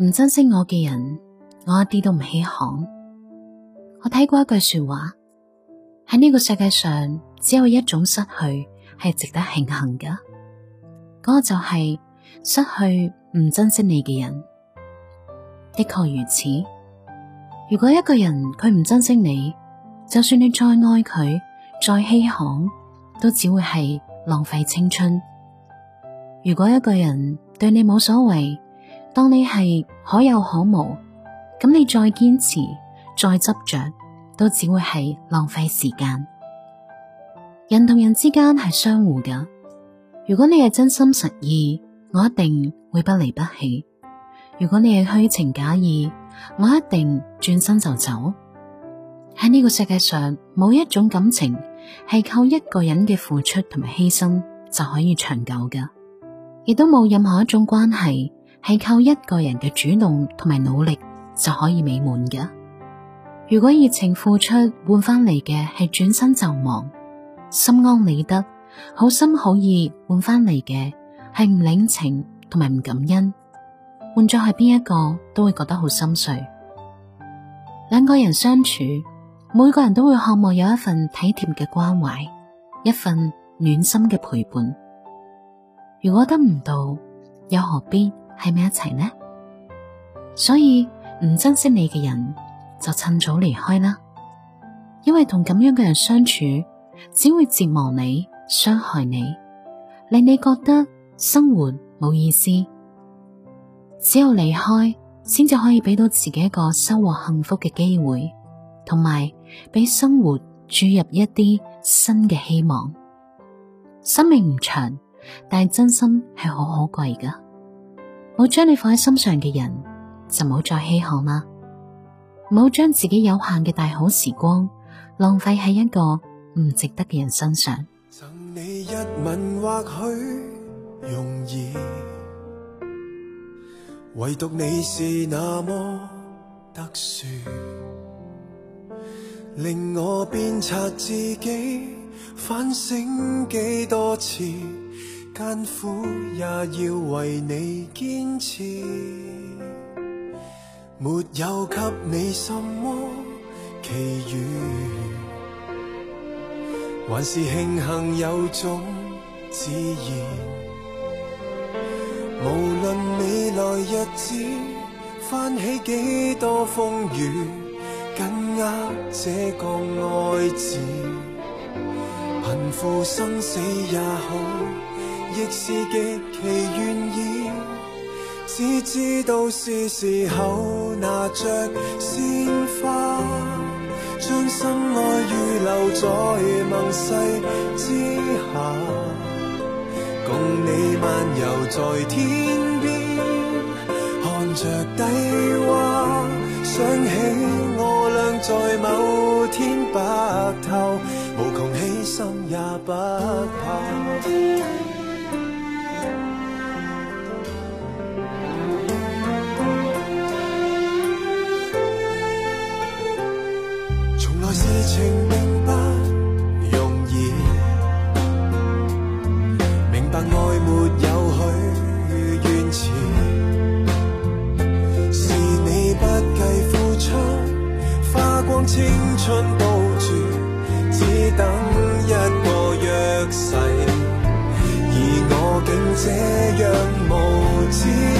唔珍惜我嘅人，我一啲都唔稀罕。我睇過一句說話，喺呢個世界上只有一種失去係值得慶幸嘅，嗰個就係失去唔珍惜你嘅人。的確如此。如果一個人佢唔珍惜你，就算你再愛佢，再稀罕，都只會係浪費青春。如果一個人對你冇所謂，當你係可有可無，咁你再堅持、再執着，都只會係浪費時間。人同人之間係相互噶。如果你係真心實意，我一定會不離不棄；如果你係虛情假意，我一定轉身就走。喺呢個世界上，冇一種感情係靠一個人嘅付出同埋犧牲就可以長久噶，亦都冇任何一種關係係靠一個人嘅主動同埋努力就可以美滿嘅。如果熱情付出換翻嚟嘅係轉身就忘，心安理得；好心好意換翻嚟嘅係唔領情同埋唔感恩，換咗係邊一個都會覺得好心碎。兩個人相處，每個人都會渴望有一份體貼嘅關懷，一份暖心嘅陪伴。如果得唔到，又何必？係咪一齊呢？所以唔珍惜你嘅人就趁早離開啦，因為同咁樣嘅人相處只會折磨你、傷害你，令你覺得生活冇意思。只有離開，先至可以俾到自己一個收穫幸福嘅機會，同埋俾生活注入一啲新嘅希望。生命唔長，但係真心係好可貴噶。冇將你放喺心上嘅人，就冇再稀罕啦！冇將自己有限嘅大好時光浪費喺一個唔值得嘅人身上。贈你一吻，或許容易，唯獨你是那麼特殊，令我鞭策自己反省幾多次。艱苦也要為你堅持，沒有給你什麼奇遇，還是慶幸有種自然。無論未來日子翻起幾多風雨，緊握這個愛字，貧富生死也好。亦是極其願意，只知道是時候拿着鮮花，將心愛預留在盟誓之下，共你漫遊在天邊，看着低話，想起我倆在某天白頭，無窮犧牲也不怕。等一個約誓，而我竟這樣無知。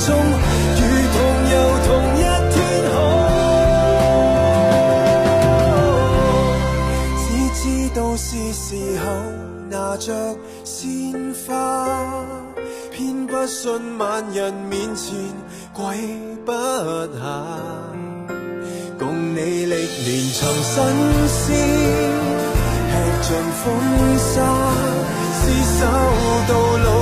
中如同遊同一天空，只知道是時候拿着鮮花，偏不信萬人面前跪不下。共你歷練尋新鮮，吃盡風沙，廝守到老。